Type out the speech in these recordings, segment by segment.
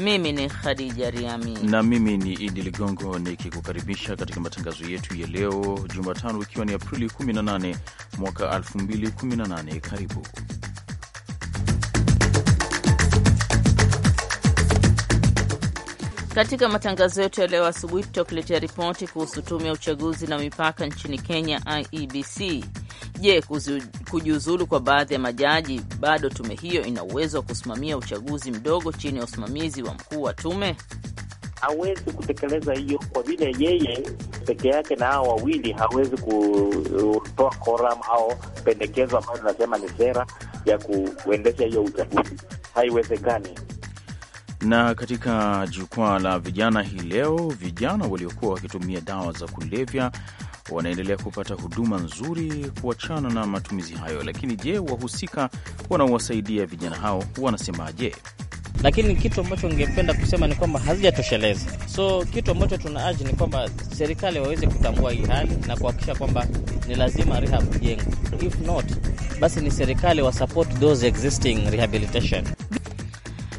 Mimi ni Khadija Riami na mimi ni Idi Ligongo nikikukaribisha katika matangazo yetu ya leo Jumatano, ikiwa ni Aprili 18 mwaka 2018. Karibu katika matangazo yetu ya leo asubuhi. Tutakuletea ripoti kuhusu tume ya uchaguzi na mipaka nchini Kenya, IEBC Je, kujiuzulu kwa baadhi ya majaji, bado tume hiyo ina uwezo wa kusimamia uchaguzi mdogo chini ya usimamizi wa mkuu wa tume? Hawezi kutekeleza hiyo kwa vile yeye peke yake na hao wawili hawezi kutoa koram au pendekezo ambayo linasema ni sera ya kuendesha hiyo uchaguzi, haiwezekani. Na katika jukwaa la vijana hii leo, vijana waliokuwa wakitumia dawa za kulevya wanaendelea kupata huduma nzuri kuachana na matumizi hayo. Lakini je, wahusika wanaowasaidia vijana hao wanasemaje? Lakini kitu ambacho ningependa kusema ni kwamba hazijatosheleza. So kitu ambacho tuna aji ni kwamba serikali waweze kutambua hii hali na kuhakikisha kwamba ni lazima rehab ijengwe, if not basi ni serikali wasapoti those existing rehabilitation.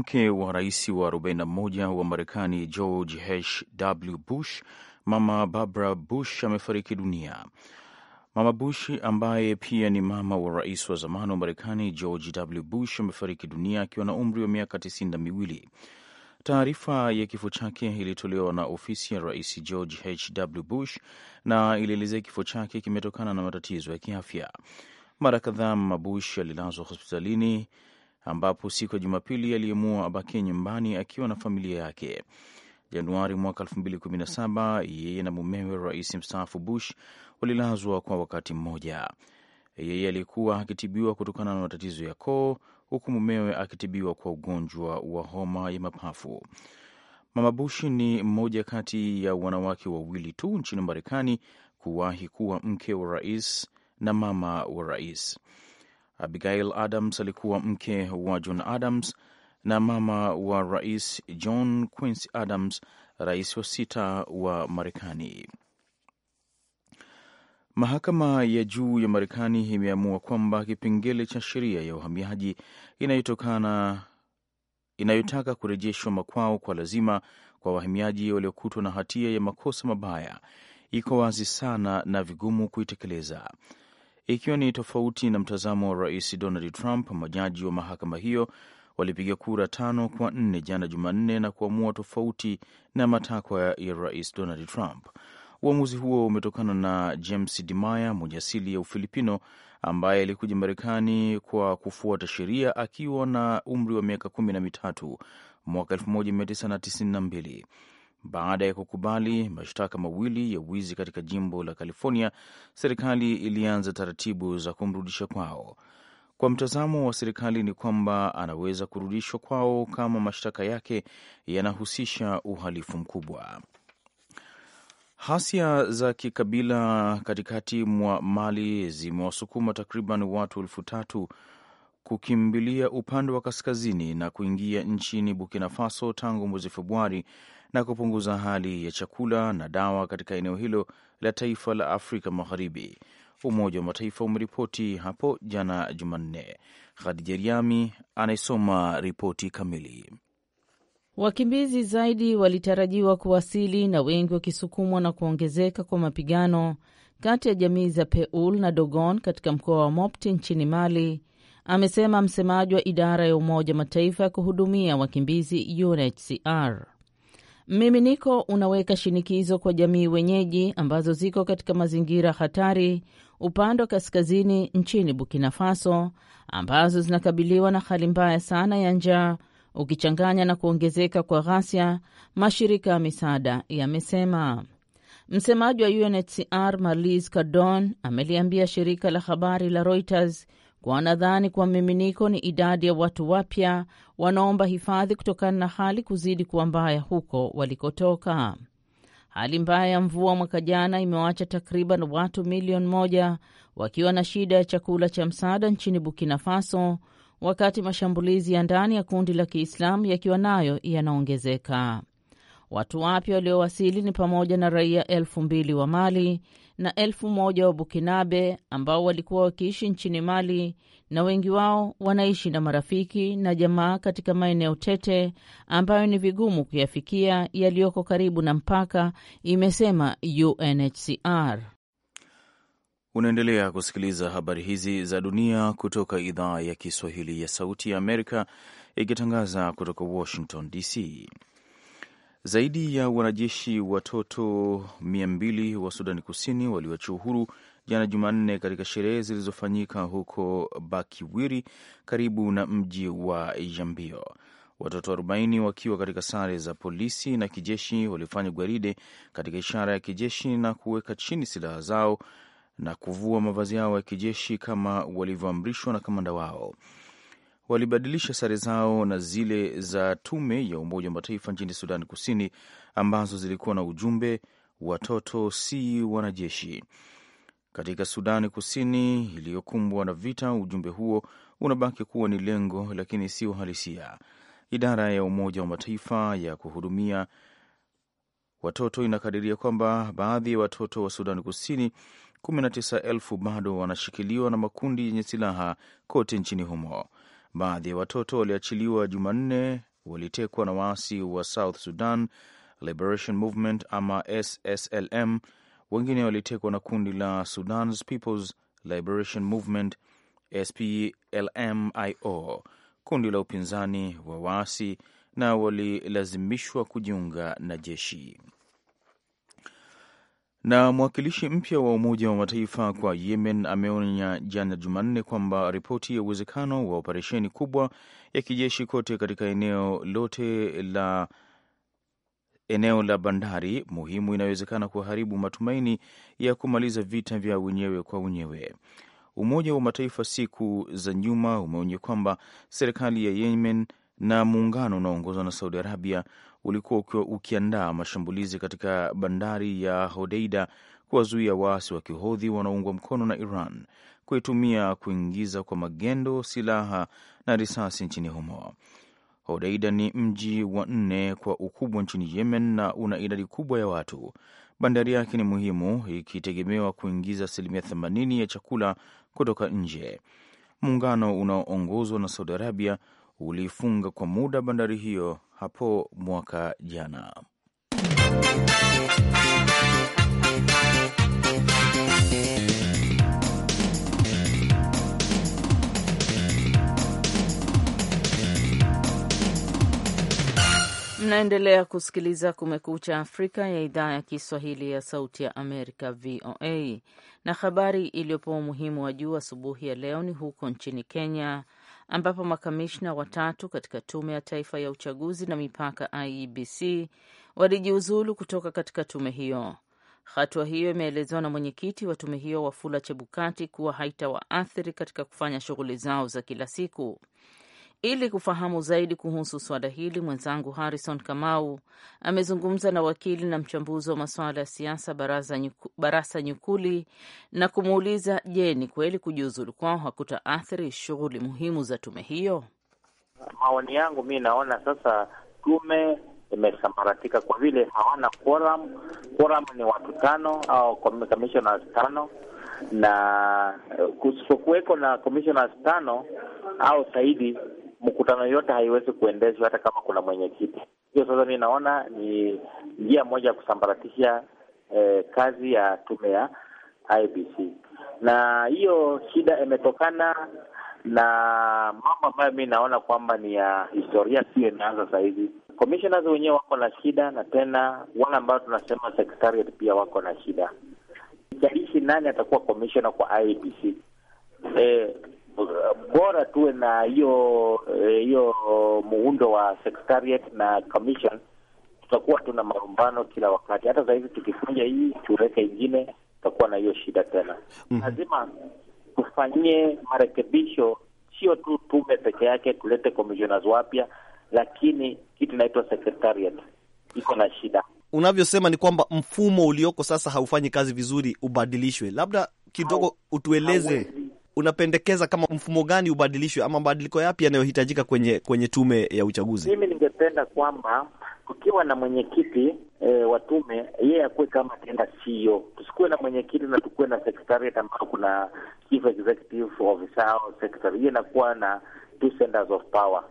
mke wa rais wa 41 wa Marekani George w Bush, Mama Barbara Bush amefariki dunia. Mama Bush ambaye pia ni mama wa rais wa zamani wa Marekani George W. Bush amefariki dunia akiwa na umri wa miaka tisini na miwili. Taarifa ya kifo chake ilitolewa na ofisi ya rais George w Bush na ilielezea kifo chake kimetokana na matatizo ya kiafya. Mara kadhaa Mama Bush alilazwa hospitalini ambapo siku ya Jumapili aliamua abakie nyumbani akiwa na familia yake. Januari mwaka 2017 yeye na mumewe rais mstaafu Bush walilazwa kwa wakati mmoja. Yeye alikuwa akitibiwa kutokana na matatizo ya koo, huku mumewe akitibiwa kwa ugonjwa wa homa ya mapafu. Mama Bush ni mmoja kati ya wanawake wawili tu nchini Marekani kuwahi kuwa mke wa rais na mama wa rais. Abigail Adams alikuwa mke wa John Adams na mama wa Rais John Quincy Adams, rais wa sita wa Marekani. Mahakama ya juu ya Marekani imeamua kwamba kipengele cha sheria ya uhamiaji inayotokana inayotaka kurejeshwa makwao kwa lazima kwa wahamiaji waliokutwa na hatia ya makosa mabaya iko wazi sana na vigumu kuitekeleza ikiwa ni tofauti na mtazamo wa Rais Donald Trump. Majaji wa mahakama hiyo walipiga kura tano kwa nne jana Jumanne na kuamua tofauti na matakwa ya Rais Donald Trump. Uamuzi huo umetokana na James Dimaya mwenye asili ya Ufilipino ambaye alikuja Marekani kwa kufuata sheria akiwa na umri wa miaka kumi na mitatu mwaka 1992. Baada ya kukubali mashtaka mawili ya wizi katika jimbo la California, serikali ilianza taratibu za kumrudisha kwao. Kwa mtazamo wa serikali ni kwamba anaweza kurudishwa kwao kama mashtaka yake yanahusisha uhalifu mkubwa. Hasia za kikabila katikati mwa Mali zimewasukuma takriban watu elfu tatu kukimbilia upande wa kaskazini na kuingia nchini Burkina Faso tangu mwezi Februari na kupunguza hali ya chakula na dawa katika eneo hilo la taifa la Afrika Magharibi. Umoja wa Mataifa umeripoti hapo jana Jumanne. Khadija Riami anayesoma ripoti kamili. Wakimbizi zaidi walitarajiwa kuwasili na wengi wakisukumwa na kuongezeka kwa mapigano kati ya jamii za Peul na Dogon katika mkoa wa Mopti nchini Mali, amesema msemaji wa idara ya Umoja Mataifa ya kuhudumia wakimbizi UNHCR. Mmiminiko unaweka shinikizo kwa jamii wenyeji ambazo ziko katika mazingira hatari upande wa kaskazini nchini Burkina Faso, ambazo zinakabiliwa na hali mbaya sana ya njaa ukichanganya na kuongezeka kwa ghasia, mashirika ya misaada yamesema. Msemaji wa UNHCR marlis Cardon ameliambia shirika la habari la Reuters kwa wanadhani kuwa miminiko ni idadi ya watu wapya wanaomba hifadhi kutokana na hali kuzidi kuwa mbaya huko walikotoka. Hali mbaya ya mvua mwaka jana imewacha takriban watu milioni moja wakiwa na shida ya chakula cha msaada nchini Burkina Faso, wakati mashambulizi ya ndani ya kundi la Kiislamu yakiwa nayo yanaongezeka. Watu wapya waliowasili ni pamoja na raia elfu mbili wa Mali, na elfu moja wa Bukinabe ambao walikuwa wakiishi nchini Mali na wengi wao wanaishi na marafiki na jamaa katika maeneo tete ambayo ni vigumu kuyafikia yaliyoko karibu na mpaka, imesema UNHCR. Unaendelea kusikiliza habari hizi za dunia kutoka idhaa ya Kiswahili ya Sauti ya Amerika ikitangaza kutoka Washington DC. Zaidi ya wanajeshi watoto mbili wa Sudani Kusini walioachia uhuru jana Jumanne katika sherehe zilizofanyika huko Bakiwiri karibu na mji wa Yambio. Watoto 40 wakiwa katika sare za polisi na kijeshi walifanya gwaride katika ishara ya kijeshi na kuweka chini silaha zao na kuvua mavazi yao ya kijeshi kama walivyoamrishwa na kamanda wao walibadilisha sare zao na zile za tume ya Umoja wa Mataifa nchini Sudan Kusini ambazo zilikuwa na ujumbe watoto si wanajeshi. Katika Sudani Kusini iliyokumbwa na vita, ujumbe huo unabaki kuwa ni lengo, lakini si uhalisia. Idara ya Umoja wa Mataifa ya kuhudumia watoto inakadiria kwamba baadhi ya watoto wa Sudani Kusini 19,000 bado wanashikiliwa na makundi yenye silaha kote nchini humo. Baadhi ya watoto waliachiliwa Jumanne walitekwa na waasi wa South Sudan Liberation Movement ama SSLM. Wengine walitekwa na kundi la Sudan's People's Liberation Movement SPLMIO, kundi la upinzani wa waasi, na walilazimishwa kujiunga na jeshi. Na mwakilishi mpya wa Umoja wa Mataifa kwa Yemen ameonya jana Jumanne kwamba ripoti ya uwezekano wa operesheni kubwa ya kijeshi kote katika eneo lote la eneo la bandari muhimu inayowezekana kuharibu matumaini ya kumaliza vita vya wenyewe kwa wenyewe. Umoja wa Mataifa siku za nyuma umeonya kwamba serikali ya Yemen na muungano unaoongozwa na Saudi Arabia ulikuwa ukiandaa mashambulizi katika bandari ya Hodeida kuwazuia waasi wa kihodhi wanaoungwa mkono na Iran kuitumia kuingiza kwa magendo silaha na risasi nchini humo. Hodeida ni mji wa nne kwa ukubwa nchini Yemen na una idadi kubwa ya watu. Bandari yake ni muhimu, ikitegemewa kuingiza asilimia 80 ya chakula kutoka nje. Muungano unaoongozwa na Saudi Arabia uliifunga kwa muda bandari hiyo hapo mwaka jana. Mnaendelea kusikiliza Kumekucha Afrika ya idhaa ya Kiswahili ya Sauti ya Amerika, VOA. Na habari iliyopewa umuhimu wa juu asubuhi ya leo ni huko nchini Kenya, ambapo makamishna watatu katika Tume ya Taifa ya Uchaguzi na Mipaka IEBC walijiuzulu kutoka katika tume hiyo. Hatua hiyo imeelezewa na mwenyekiti wa tume hiyo Wafula Chebukati kuwa haitawaathiri katika kufanya shughuli zao za kila siku. Ili kufahamu zaidi kuhusu suala hili, mwenzangu Harrison Kamau amezungumza na wakili na mchambuzi wa masuala ya siasa Barasa Nyukuli na kumuuliza, je, ni kweli kujiuzulu kwao hakutaathiri shughuli muhimu za tume hiyo? Maoni yangu mi naona sasa tume imesambaratika kwa vile hawana quorum. Quorum ni watu tano au commissioners tano, na kusipokuweko na commissioners tano au zaidi, mkutano yote haiwezi kuendeshwa hata kama kuna mwenyekiti. Hiyo sasa mi naona ni njia moja ya kusambaratisha eh, kazi ya tume ya IBC, na hiyo shida imetokana na mambo ambayo mi naona kwamba ni ya historia, sio inaanza sahizi. Commissioners wenyewe wako na shida, na tena wale ambao tunasema secretariat pia wako na shida. Jalishi nani atakuwa commissioner kwa IBC? E, eh, bora tuwe na hiyo eh, hiyo muundo wa secretariat na commission, tutakuwa tuna marumbano kila wakati. Hata saa tukifunja hii tuweke ingine, tutakuwa na hiyo shida tena. Mhm. Lazima mm -hmm. tufanyie marekebisho, sio tu tume peke yake, tulete commissioners wapya, lakini kitu inaitwa secretariat iko na shida. Unavyosema ni kwamba mfumo ulioko sasa haufanyi kazi vizuri, ubadilishwe. Labda kidogo utueleze unapendekeza kama mfumo gani ubadilishwe ama mabadiliko yapi yanayohitajika kwenye kwenye tume ya uchaguzi? Mimi ningependa kwamba tukiwa na mwenyekiti e, wa tume yeye akuwe kama tenda CEO. Tusikuwe na mwenyekiti na tukuwe na sekretariat ambayo kuna chief executive officer au Hiyo inakuwa na two centers of power.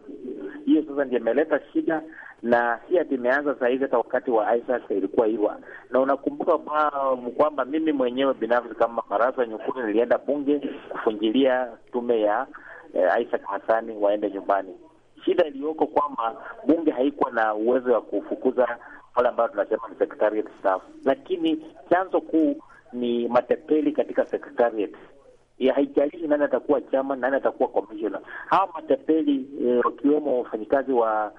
Hiyo sasa ndio imeleta shida, na si ati imeanza saa hizi, hata wakati wa ISAC ilikuwa hiwa Na unakumbuka kwamba mimi mwenyewe binafsi kama Marasa Nyukuri nilienda bunge kufungilia tume ya eh, Isaac Hasani waende nyumbani. Shida iliyoko kwamba bunge haikuwa na uwezo wa kufukuza wale ambao tunasema ni secretariat staff, lakini chanzo kuu ni matepeli katika secretariat ya e, haijalishi nani atakuwa chama, nani atakuwa komishona. Hawa matapeli e, wakiwemo e, wafanyikazi wa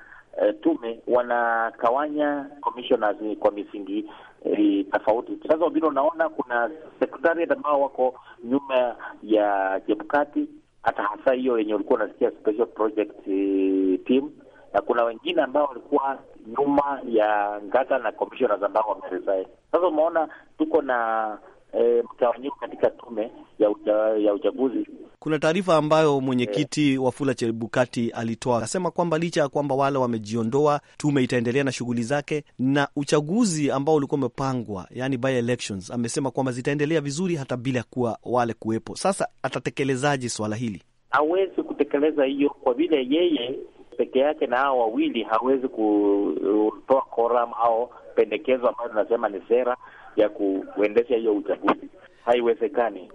e, tume wanakawanya commissioners kwa misingi e, tofauti. Sasa vile unaona kuna secretariat ambao wako nyuma ya Chebukati, hata hasa hiyo yenye ulikuwa unasikia special project e, team na kuna wengine ambao walikuwa nyuma ya Ngata na commissioners ambao wameresign. Sasa umeona tuko na e, mtawanyiko katika tume ya, uja, ya uchaguzi. Kuna taarifa ambayo mwenyekiti e, Fula Chebukati alitoa akasema kwamba licha ya kwamba wale wamejiondoa, tume itaendelea na shughuli zake, na uchaguzi ambao ulikuwa umepangwa, yani by elections, amesema kwamba zitaendelea vizuri hata bila kuwa wale kuwepo. Sasa atatekelezaje swala hili? Hawezi kutekeleza hiyo kwa vile yeye peke yake na hao wawili hawezi kutoa koram au pendekezo ambayo tunasema ni sera ya kuendesha hiyo uchaguzi. Haiwezekani.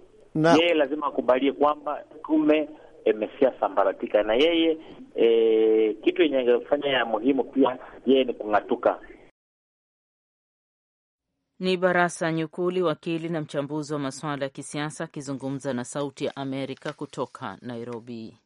Yeye lazima akubalie kwamba tume imesia sambaratika na yeye e, kitu yenye angefanya ya muhimu pia yeye ni kung'atuka. Ni Barasa Nyukuli, wakili na mchambuzi wa masuala ya kisiasa akizungumza na Sauti ya Amerika kutoka Nairobi.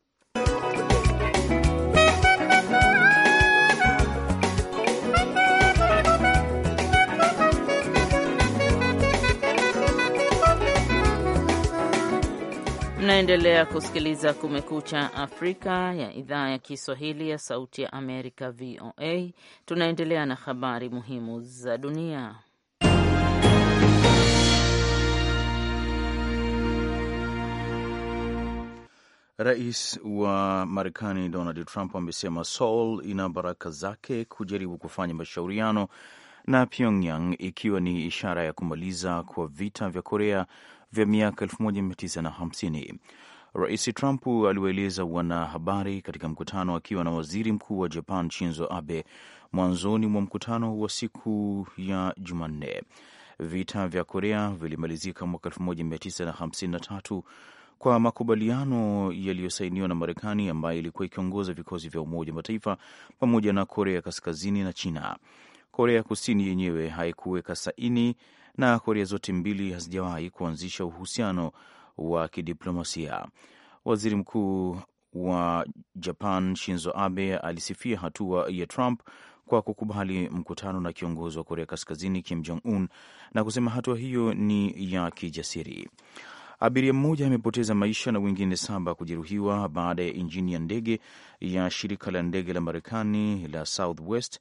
Mnaendelea kusikiliza Kumekucha Afrika ya idhaa ya Kiswahili ya Sauti ya Amerika, VOA. Tunaendelea na habari muhimu za dunia. Rais wa Marekani Donald Trump amesema Seoul ina baraka zake kujaribu kufanya mashauriano na Pyongyang ikiwa ni ishara ya kumaliza kwa vita vya Korea vya miaka 1950. Rais Trump aliwaeleza wanahabari katika mkutano akiwa na waziri mkuu wa Japan Shinzo Abe mwanzoni mwa mkutano wa siku ya Jumanne. Vita vya Korea vilimalizika mwaka 1953 kwa makubaliano yaliyosainiwa na Marekani ambayo ilikuwa ikiongoza vikosi vya Umoja wa Mataifa pamoja na Korea Kaskazini na China. Korea Kusini yenyewe haikuweka saini na Korea zote mbili hazijawahi kuanzisha uhusiano wa kidiplomasia. Waziri Mkuu wa Japan Shinzo Abe alisifia hatua ya Trump kwa kukubali mkutano na kiongozi wa Korea Kaskazini Kim Jong Un na kusema hatua hiyo ni ya kijasiri. Abiria mmoja amepoteza maisha na wengine saba kujeruhiwa baada ya injini ya ndege ya shirika la ndege la Marekani la Southwest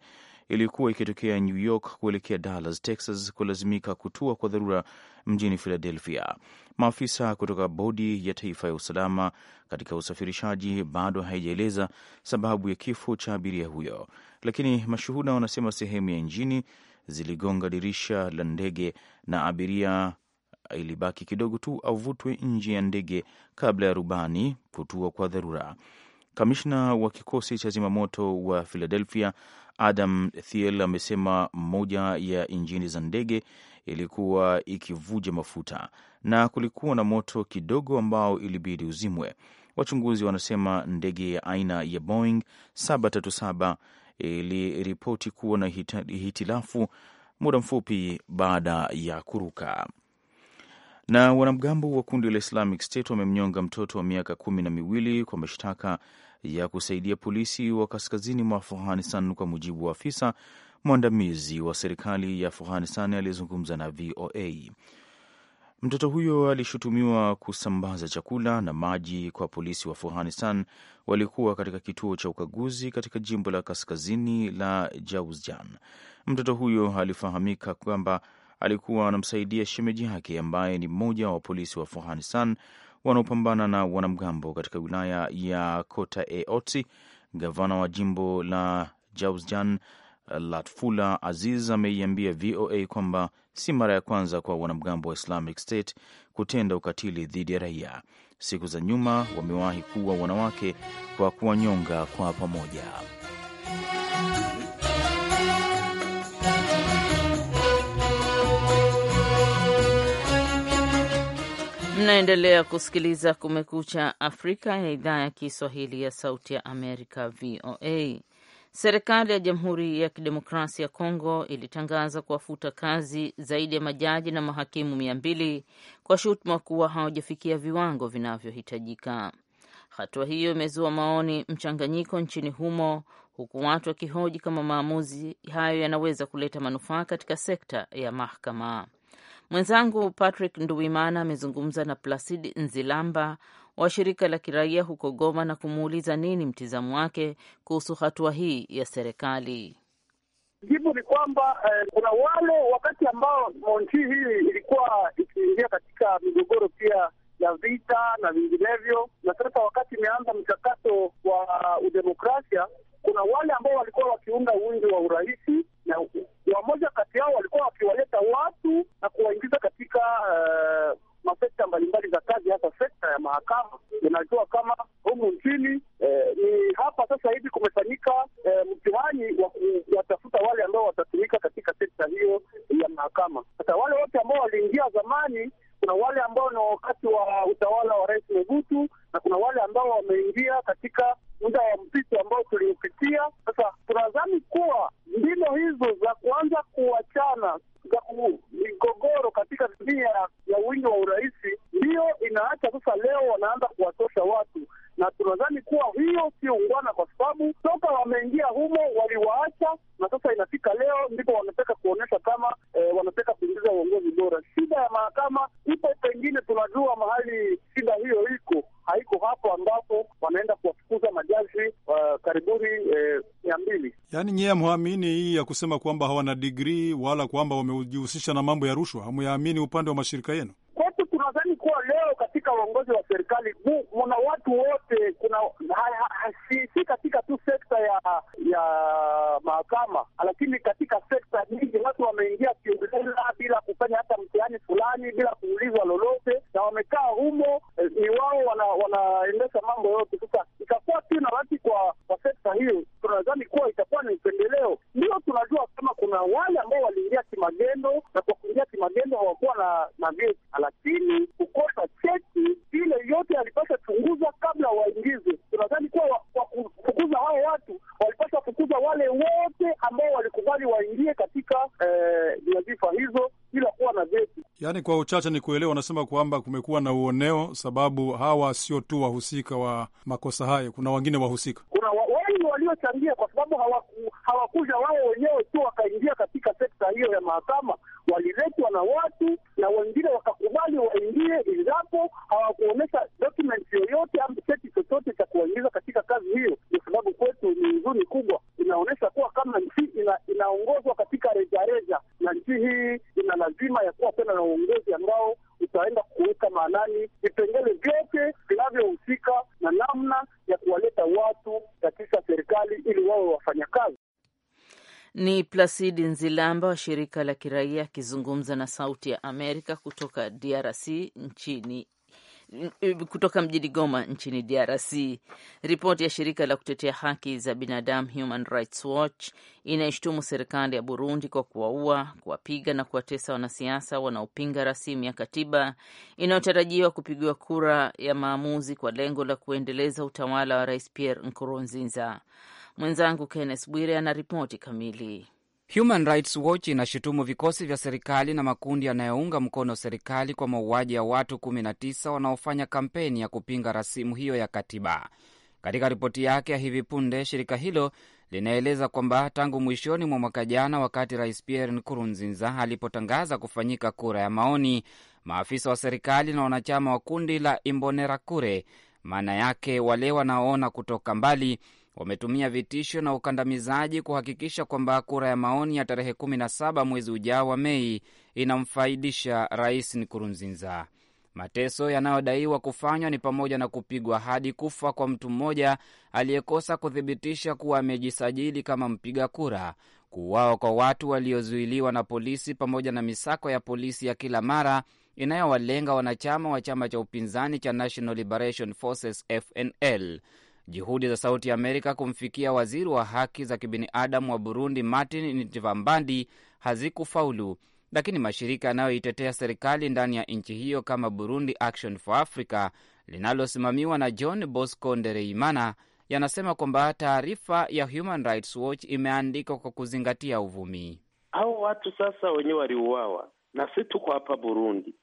iliyokuwa ikitokea New York kuelekea Dallas, Texas, kulazimika kutua kwa dharura mjini Philadelphia. Maafisa kutoka Bodi ya Taifa ya Usalama katika Usafirishaji bado haijaeleza sababu ya kifo cha abiria huyo, lakini mashuhuda wanasema sehemu ya injini ziligonga dirisha la ndege na abiria ilibaki kidogo tu avutwe nje ya ndege kabla ya rubani kutua kwa dharura. Kamishna wa kikosi cha zimamoto wa Philadelphia Adam Thiel amesema moja ya injini za ndege ilikuwa ikivuja mafuta na kulikuwa na moto kidogo ambao ilibidi uzimwe. Wachunguzi wanasema ndege ya aina ya Boeing 737 iliripoti kuwa na hitilafu muda mfupi baada ya kuruka. Na wanamgambo wa kundi la Islamic State wamemnyonga mtoto wa miaka kumi na miwili kwa mashtaka ya kusaidia polisi wa kaskazini mwa Afghanistan, kwa mujibu wa afisa mwandamizi wa serikali ya Afghanistan aliyezungumza na VOA. Mtoto huyo alishutumiwa kusambaza chakula na maji kwa polisi wa Afghanistan walikuwa katika kituo cha ukaguzi katika jimbo la kaskazini la Jauzjan. Mtoto huyo alifahamika kwamba alikuwa anamsaidia shemeji yake ambaye ni mmoja wa polisi wa Afghanistan wanaopambana na wanamgambo katika wilaya ya Kota e Gavana wa jimbo la Jauzjan Latfula Aziz ameiambia VOA kwamba si mara ya kwanza kwa wanamgambo wa Islamic State kutenda ukatili dhidi ya raia. Siku za nyuma wamewahi kuwa wanawake kwa kuwanyonga kwa pamoja. Mnaendelea kusikiliza Kumekucha Afrika ya idhaa ya Kiswahili ya Sauti ya Amerika, VOA. Serikali ya Jamhuri ya Kidemokrasia ya Kongo ilitangaza kuwafuta kazi zaidi ya majaji na mahakimu mia mbili kwa shutuma kuwa hawajafikia viwango vinavyohitajika. Hatua hiyo imezua maoni mchanganyiko nchini humo, huku watu wakihoji kama maamuzi hayo yanaweza kuleta manufaa katika sekta ya mahakama. Mwenzangu Patrick Nduwimana amezungumza na Placid Nzilamba wa shirika la kiraia huko Goma na kumuuliza nini mtizamo wake kuhusu hatua hii ya serikali. Jibu ni kwamba eh, kuna wale wakati ambao nchi hii ilikuwa ikiingia katika migogoro pia ya vita na vinginevyo, na sasa wakati imeanza mchakato wa udemokrasia, kuna wale ambapo wanaenda kuwafukuza majaji uh, karibuni eh, mia eh, mbili. Yaani nyiye hamwamini hii ya kusema kwamba hawana digrii wala kwamba wamejihusisha na mambo ya rushwa, hamuyaamini upande wa mashirika yenu? kuwa leo katika uongozi wa serikali kuna watu wote, kuna si katika tu sekta ya ya mahakama, lakini katika sekta nyingi watu wameingia kiolela bila kufanya hata mtihani fulani, bila kuulizwa lolote, na wamekaa humo, eh, ni wao wanaendesha wana mambo yote. Sasa itakuwa tu na wati kwa, kwa sekta hiyo tunadhani kuwa itakuwa ni upendeleo. Ndio tunajua kama kuna wale ambao waliingia kimagendo, na kwa kuingia kimagendo hawakuwa na na vyeti, lakini kukosa cheti ile yote alipasha chunguza kabla waingize. Tunadhani kuwa kwa kufukuza hao watu walipasha kufukuza wale wote ambao walikubali waingie katika eh, nyadhifa hizo bila kuwa na vyeti. Yaani kwa uchache ni kuelewa, wanasema kwamba kumekuwa na uoneo, sababu hawa sio tu wahusika wa makosa hayo, kuna wengine wahusika, kuna wengi waliochangia, kwa sababu hawaku, hawakuja wao wenyewe tu wakaingia katika sekta hiyo ya mahakama, waliletwa na watu na wengine wakakubali waingie, ilapo hawakuonyesha document yoyote ama cheti chochote cha kuwaingiza katika kazi hiyo. Kwa sababu kwetu ni huzuni kubwa, inaonyesha kuwa kama nchi ina, inaongozwa katika rejareja na nchi hii na lazima ya kuwa tena na uongozi ambao utaenda kuweka maanani vipengele vyote vinavyohusika na namna ya kuwaleta watu katika serikali ili wawe wafanyakazi. Ni Plasidi Nzilamba wa shirika la kiraia akizungumza na Sauti ya Amerika kutoka DRC nchini kutoka mjini Goma nchini DRC. Ripoti ya shirika la kutetea haki za binadamu Human Rights Watch inaishtumu serikali ya Burundi kwa kuwaua, kuwapiga na kuwatesa wanasiasa wanaopinga rasimu ya katiba inayotarajiwa kupigiwa kura ya maamuzi kwa lengo la kuendeleza utawala wa Rais Pierre Nkurunziza. Mwenzangu Kenneth Bwire ana ripoti kamili. Human Rights Watch inashutumu vikosi vya serikali na makundi yanayounga mkono serikali kwa mauaji ya watu 19 wanaofanya kampeni ya kupinga rasimu hiyo ya katiba. Katika ripoti yake ya hivi punde, shirika hilo linaeleza kwamba tangu mwishoni mwa mwaka jana, wakati Rais Pierre Nkurunziza alipotangaza kufanyika kura ya maoni, maafisa wa serikali na wanachama wa kundi la Imbonerakure, maana yake wale wanaoona kutoka mbali wametumia vitisho na ukandamizaji kuhakikisha kwamba kura ya maoni ya tarehe 17 mwezi ujao wa Mei inamfaidisha Rais Nkurunziza. Mateso yanayodaiwa kufanywa ni pamoja na kupigwa hadi kufa kwa mtu mmoja aliyekosa kuthibitisha kuwa amejisajili kama mpiga kura, kuuawa kwa watu waliozuiliwa na polisi, pamoja na misako ya polisi ya kila mara inayowalenga wanachama wa chama cha upinzani cha National Liberation Forces FNL. Juhudi za Sauti ya Amerika kumfikia waziri wa haki za kibinadamu wa Burundi Martin Ntivambandi hazikufaulu, lakini mashirika yanayoitetea serikali ndani ya nchi hiyo kama Burundi Action for Africa linalosimamiwa na John Bosco Ndereimana yanasema kwamba taarifa ya Human Rights Watch imeandikwa kwa kuzingatia uvumi. Hao watu sasa wenye waliuawa, na si tuko hapa Burundi,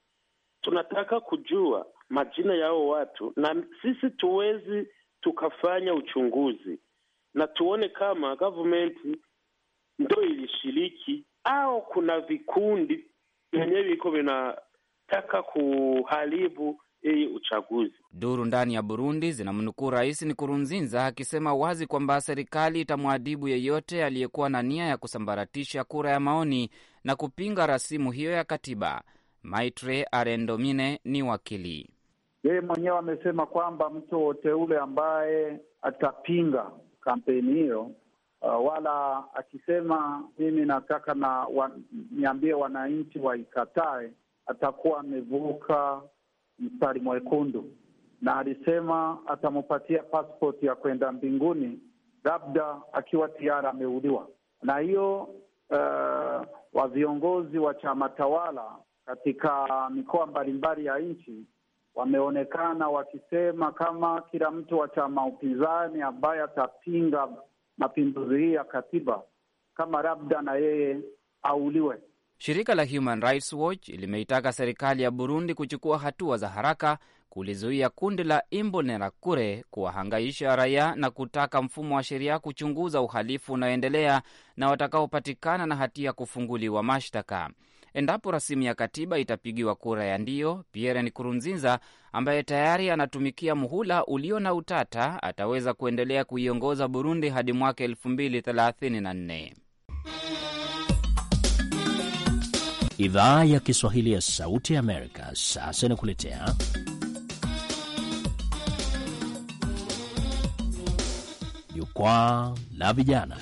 tunataka kujua majina ya ao watu, na sisi tuwezi tukafanya uchunguzi na tuone kama government ndo ilishiriki au kuna vikundi vyenyewe viko vinataka kuharibu hii uchaguzi. Duru ndani ya Burundi zinamnukuu Rais Nkurunziza akisema wazi kwamba serikali itamwadhibu yeyote aliyekuwa na nia ya kusambaratisha kura ya maoni na kupinga rasimu hiyo ya katiba. Maitre Arendomine ni wakili yeye mwenyewe amesema kwamba mtu wote ule ambaye atapinga kampeni hiyo uh, wala akisema mimi nataka na wa, niambie wananchi waikatae, atakuwa amevuka mstari mwekundu, na alisema atamupatia pasipoti ya kwenda mbinguni, labda akiwa tiara ameuliwa. Na hiyo uh, wa viongozi wa chama tawala katika mikoa mbalimbali ya nchi wameonekana wakisema kama kila mtu wa chama upinzani ambaye atapinga mapinduzi hii ya katiba kama labda na yeye auliwe. Shirika la Human Rights Watch limeitaka serikali ya Burundi kuchukua hatua za haraka kulizuia kundi la Imbonerakure kuwahangaisha raia na kutaka mfumo wa sheria kuchunguza uhalifu unaoendelea na watakaopatikana na hatia kufunguliwa mashtaka. Endapo rasimu ya katiba itapigiwa kura ya ndio, Pierre Nkurunziza ambaye tayari anatumikia muhula ulio na utata ataweza kuendelea kuiongoza Burundi hadi mwaka elfu mbili thelathini na nne. Idhaa ya Kiswahili ya Sauti ya Amerika sasa inakuletea jukwaa la vijana.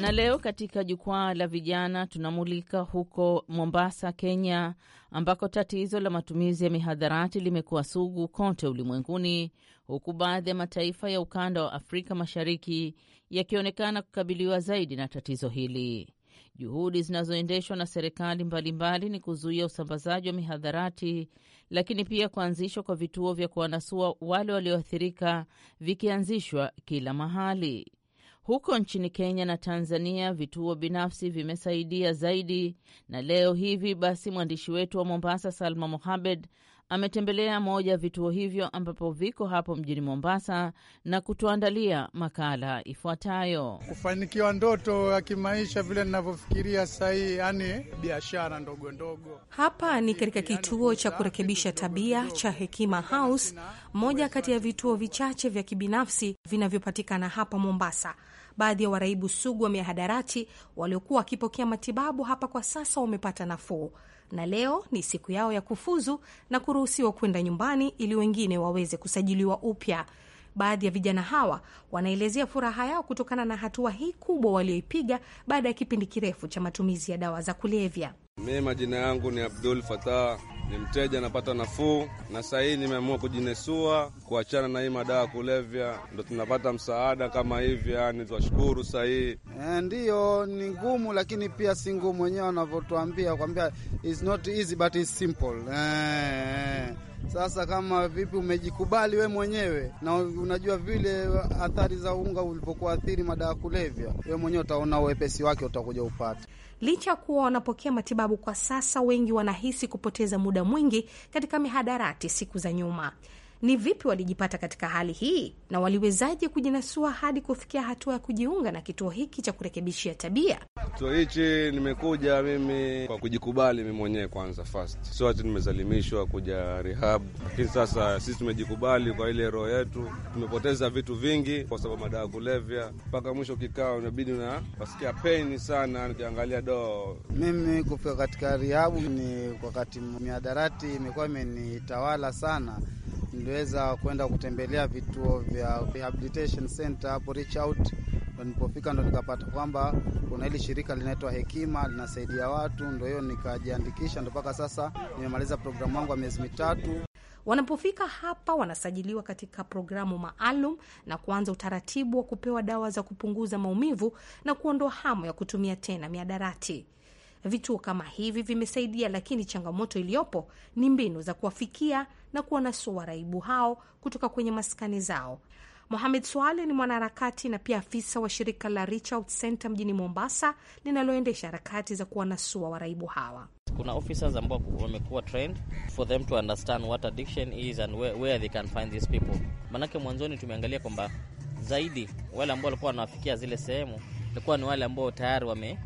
Na leo katika jukwaa la vijana tunamulika huko Mombasa, Kenya, ambako tatizo la matumizi ya mihadharati limekuwa sugu kote ulimwenguni, huku baadhi ya mataifa ya ukanda wa Afrika Mashariki yakionekana kukabiliwa zaidi na tatizo hili. Juhudi zinazoendeshwa na serikali mbalimbali ni kuzuia usambazaji wa mihadharati, lakini pia kuanzishwa kwa vituo vya kuwanasua wale walioathirika, vikianzishwa kila mahali. Huko nchini Kenya na Tanzania, vituo binafsi vimesaidia zaidi, na leo hivi basi mwandishi wetu wa Mombasa, Salma Mohamed, ametembelea moja ya vituo hivyo ambapo viko hapo mjini Mombasa na kutuandalia makala ifuatayo. Kufanikiwa ndoto ya kimaisha vile ninavyofikiria sahii, yani biashara ndogo ndogo. Hapa ni katika yaani kituo cha kurekebisha tabia cha Hekima House, moja kati ya vituo vichache vya kibinafsi vinavyopatikana hapa Mombasa baadhi ya waraibu sugu wa mihadarati waliokuwa wakipokea matibabu hapa kwa sasa wamepata nafuu na leo ni siku yao ya kufuzu na kuruhusiwa kwenda nyumbani ili wengine waweze kusajiliwa upya. Baadhi ya vijana hawa wanaelezea furaha yao kutokana na hatua hii kubwa walioipiga baada ya kipindi kirefu cha matumizi ya dawa za kulevya. mi majina yangu ni Abdul Fatah ni mteja anapata nafuu, na saa hii nimeamua kujinesua, kuachana na hii madawa kulevya, ndo tunapata msaada kama hivi. Yani twashukuru saa hii e, eh, ndiyo ni ngumu, lakini pia si ngumu, wenyewe wanavyotuambia kwambia it's not easy but is simple e. Sasa kama vipi umejikubali we mwenyewe na unajua vile athari za unga ulivyokuathiri madawa kulevya, we mwenyewe utaona uwepesi wake utakuja upate. Licha ya kuwa wanapokea matibabu kwa sasa, wengi wanahisi kupoteza muda mwingi katika mihadarati siku za nyuma. Ni vipi walijipata katika hali hii na waliwezaje kujinasua hadi kufikia hatua ya kujiunga na kituo hiki cha kurekebishia tabia? Kituo hichi nimekuja mimi kwa kujikubali mimi mwenyewe kwanza, first sio ati nimezalimishwa kuja rehab, lakini sasa sisi tumejikubali kwa ile roho yetu. Tumepoteza vitu vingi kwa sababu madawa ya kulevya, mpaka mwisho kikao inabidi na wasikia peni sana, nikiangalia do. Mimi kufika katika rehabu ni wakati miadarati imekuwa imenitawala sana niliweza kwenda kutembelea vituo vya rehabilitation center hapo reach out, ndo nilipofika ndo nikapata kwamba kuna hili shirika linaitwa Hekima linasaidia watu, ndo hiyo nikajiandikisha, ndo mpaka sasa nimemaliza programu wangu wa miezi mitatu. Wanapofika hapa wanasajiliwa katika programu maalum na kuanza utaratibu wa kupewa dawa za kupunguza maumivu na kuondoa hamu ya kutumia tena miadarati. Vituo kama hivi vimesaidia, lakini changamoto iliyopo ni mbinu za kuwafikia na kuwanasua waraibu hao kutoka kwenye maskani zao. Mohamed Swale ni mwanaharakati na pia afisa wa shirika la Reach Out Center mjini Mombasa linaloendesha harakati za kuwanasua waraibu hawa. Kuna officers ambao wamekuwa trained for them to understand what addiction is and where, where they can find these people. Manake mwanzoni tumeangalia kwamba zaidi wale ambao walikuwa wanawafikia zile sehemu ilikuwa ni wale ambao tayari wame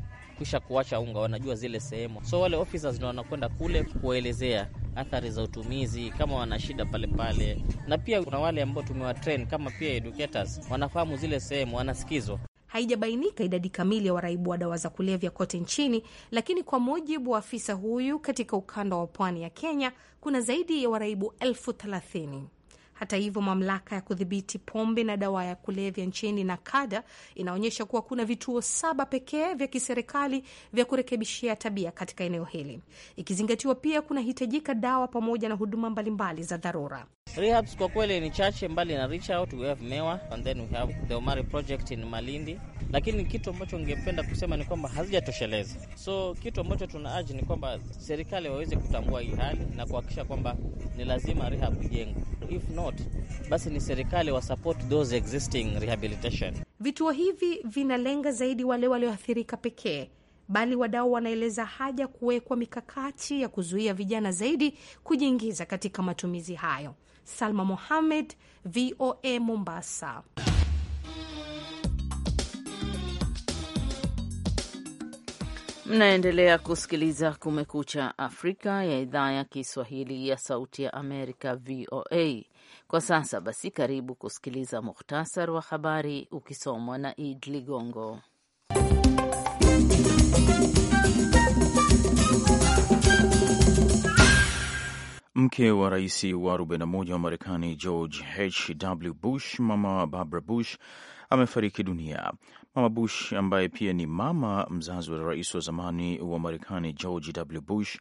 wamekwisha kuacha unga, wanajua zile sehemu, so wale officers ndio wanakwenda kule kuelezea athari za utumizi kama wana shida pale pale, na pia kuna wale ambao tumewatrain kama pia educators, wanafahamu zile sehemu, wanasikizwa. Haijabainika idadi kamili ya waraibu wa dawa za kulevya kote nchini, lakini kwa mujibu wa afisa huyu, katika ukanda wa pwani ya Kenya kuna zaidi ya waraibu elfu thelathini. Hata hivyo, mamlaka ya kudhibiti pombe na dawa ya kulevya nchini NACADA inaonyesha kuwa kuna vituo saba pekee vya kiserikali vya kurekebishia tabia katika eneo hili, ikizingatiwa pia kunahitajika dawa pamoja na huduma mbalimbali za dharura. Rehabs kwa kweli ni chache, mbali na reach out we have Mewa and then we have the Omari project in Malindi, lakini kitu ambacho ningependa kusema ni kwamba hazijatosheleza. So kitu ambacho tuna tunaaji ni kwamba serikali waweze kutambua hii hali na kuhakikisha kwamba ni lazima rehab ijengwe. If not, basi ni serikali wa support those existing rehabilitation. Vituo hivi vinalenga zaidi wale walioathirika pekee, bali wadau wanaeleza haja kuwekwa mikakati ya kuzuia vijana zaidi kujiingiza katika matumizi hayo. Salma Mohamed, VOA Mombasa. Mnaendelea kusikiliza Kumekucha Afrika ya idhaa ya Kiswahili ya Sauti ya Amerika, VOA. Kwa sasa basi, karibu kusikiliza muhtasar wa habari ukisomwa na Id Ligongo. Mke wa rais wa 41 wa Marekani George H W Bush, Mama Barbara Bush amefariki dunia. Mama Bush ambaye pia ni mama mzazi wa rais wa zamani wa Marekani George W. Bush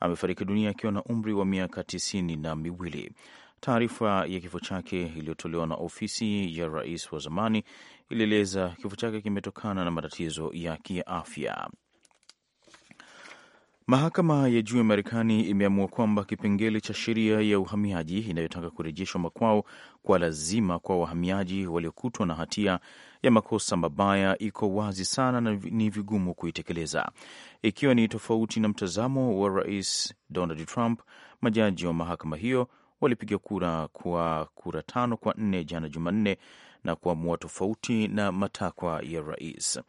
amefariki dunia akiwa na umri wa miaka tisini na miwili. Taarifa ya kifo chake iliyotolewa na ofisi ya rais wa zamani ilieleza kifo chake kimetokana na matatizo ya kiafya. Mahakama ya juu ya Marekani imeamua kwamba kipengele cha sheria ya uhamiaji inayotaka kurejeshwa makwao kwa lazima kwa wahamiaji waliokutwa na hatia ya makosa mabaya iko wazi sana na ni vigumu kuitekeleza, ikiwa ni tofauti na mtazamo wa Rais Donald Trump. Majaji wa mahakama hiyo walipiga kura kwa kura tano kwa nne jana Jumanne na kuamua tofauti na matakwa ya rais.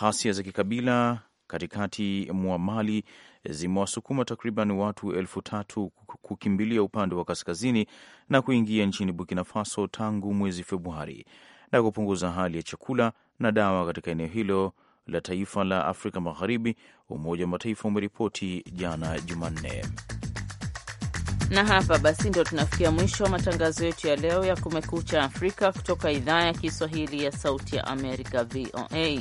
Ghasia za kikabila katikati mwa Mali zimewasukuma takriban watu elfu tatu kukimbilia upande wa kaskazini na kuingia nchini Burkina Faso tangu mwezi Februari na kupunguza hali ya chakula na dawa katika eneo hilo la taifa la Afrika Magharibi, Umoja wa Mataifa umeripoti jana Jumanne. Na hapa basi ndo tunafikia mwisho wa matangazo yetu ya leo ya Kumekucha Afrika kutoka idhaa ya Kiswahili ya Sauti ya Amerika, VOA.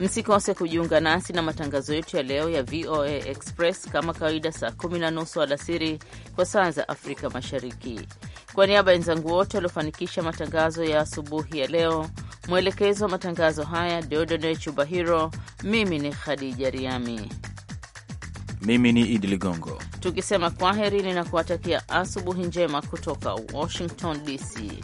Msikose kujiunga nasi na matangazo yetu ya leo ya VOA Express kama kawaida, saa kumi na nusu alasiri kwa saa za Afrika Mashariki. Kwa niaba ya wenzangu wote waliofanikisha matangazo ya asubuhi ya leo, mwelekezo wa matangazo haya Deodone Chubahiro, mimi ni Khadija Riami, mimi ni Idi Ligongo, tukisema kwaheri, ninakuwatakia asubuhi njema kutoka Washington DC.